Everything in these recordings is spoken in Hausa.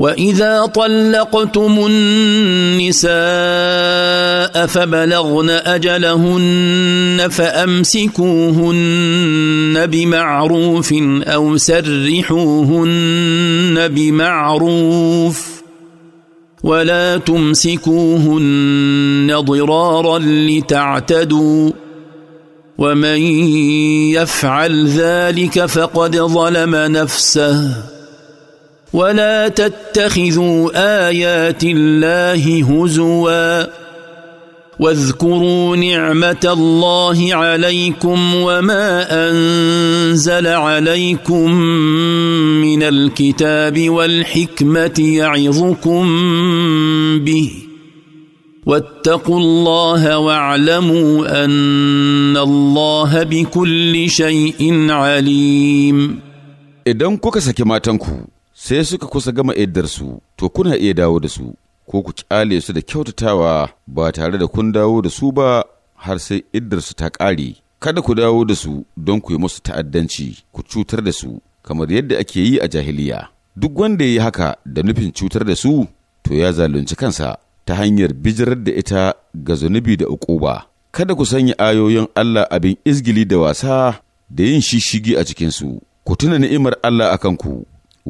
واذا طلقتم النساء فبلغن اجلهن فامسكوهن بمعروف او سرحوهن بمعروف ولا تمسكوهن ضرارا لتعتدوا ومن يفعل ذلك فقد ظلم نفسه ولا تتخذوا ايات الله هزوا واذكروا نعمه الله عليكم وما انزل عليكم من الكتاب والحكمه يعظكم به واتقوا الله واعلموا ان الله بكل شيء عليم idan kuka saki sai suka kusa gama iddarsu, to kuna iya dawo da su, ko ku kyale su da kyautatawa ba tare da kun dawo da su ba har sai iddarsu ta ƙare. Kada ku dawo da su don ku yi musu ta'addanci, ku cutar da su, kamar yadda ake yi a jahiliya. Duk wanda ya yi haka da nufin cutar da su, to ya zalunci kansa ta hanyar bijirar da ita ga zunubi da uquba. Kada ku sanya ayoyin Allah abin izgili da wasa da yin shishigi a cikinsu, ku tuna ni'imar Allah a kanku.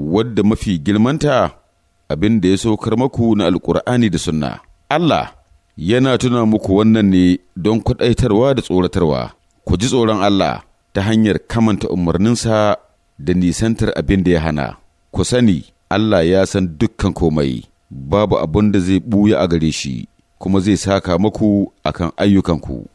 wadda mafi girmanta abin da ya saukar maku na alkur'ani da sunna. Allah yana tuna muku wannan ne don kwaɗaitarwa da tsoratarwa, ku ji tsoron Allah ta hanyar kamanta umarninsa da nisantar abin da ya hana. Ku sani, Allah ya san dukkan komai, babu abin da zai ɓuya a gare shi, kuma zai saka muku akan ayyukanku.